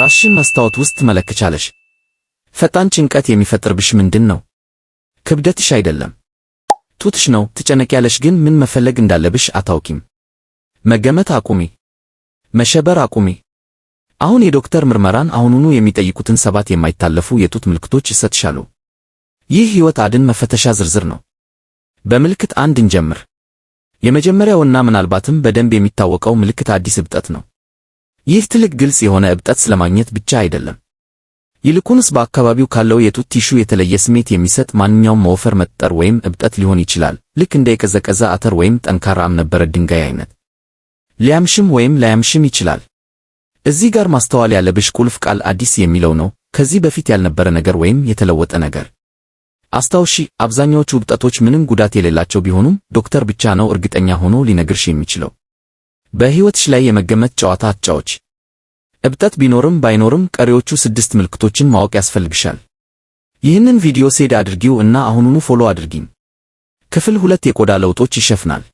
ራስሽን መስታወት ውስጥ ትመለከቻለሽ። ፈጣን ጭንቀት የሚፈጥርብሽ ምንድን ነው? ክብደትሽ አይደለም፣ ጡትሽ ነው። ትጨነቂያለሽ፣ ግን ምን መፈለግ እንዳለብሽ አታውቂም። መገመት አቁሚ። መሸበር አቁሚ። አሁን የዶክተር ምርመራን አሁኑኑ የሚጠይቁትን ሰባት የማይታለፉ የጡት ምልክቶች ይሰጥሻሉ። ይህ ሕይወት አድን መፈተሻ ዝርዝር ነው። በምልክት አንድ እንጀምር። የመጀመሪያውና ምናልባትም በደንብ የሚታወቀው ምልክት አዲስ እብጠት ነው። ይህ ትልቅ ግልጽ የሆነ እብጠት ስለማግኘት ብቻ አይደለም። ይልቁንስ በአካባቢው ካለው የጡት ቲሹ የተለየ ስሜት የሚሰጥ ማንኛውም መወፈር፣ መጠጠር ወይም እብጠት ሊሆን ይችላል። ልክ እንደ የቀዘቀዘ አተር ወይም ጠንካራ እብነበረ ድንጋይ አይነት ሊያምሽም ወይም ላያምሽም ይችላል። እዚህ ጋር ማስተዋል ያለብሽ ቁልፍ ቃል አዲስ የሚለው ነው። ከዚህ በፊት ያልነበረ ነገር ወይም የተለወጠ ነገር። አስታውሺ፣ አብዛኛዎቹ እብጠቶች ምንም ጉዳት የሌላቸው ቢሆኑም ዶክተር ብቻ ነው እርግጠኛ ሆኖ ሊነግርሽ የሚችለው። በሕይወትሽ ላይ የመገመት ጨዋታ አጫዎች እብጠት ቢኖርም ባይኖርም ቀሪዎቹ ስድስት ምልክቶችን ማወቅ ያስፈልግሻል። ይህንን ቪዲዮ ሴድ አድርጊው እና አሁኑኑ ፎሎ አድርጊኝ። ክፍል ሁለት የቆዳ ለውጦች ይሸፍናል።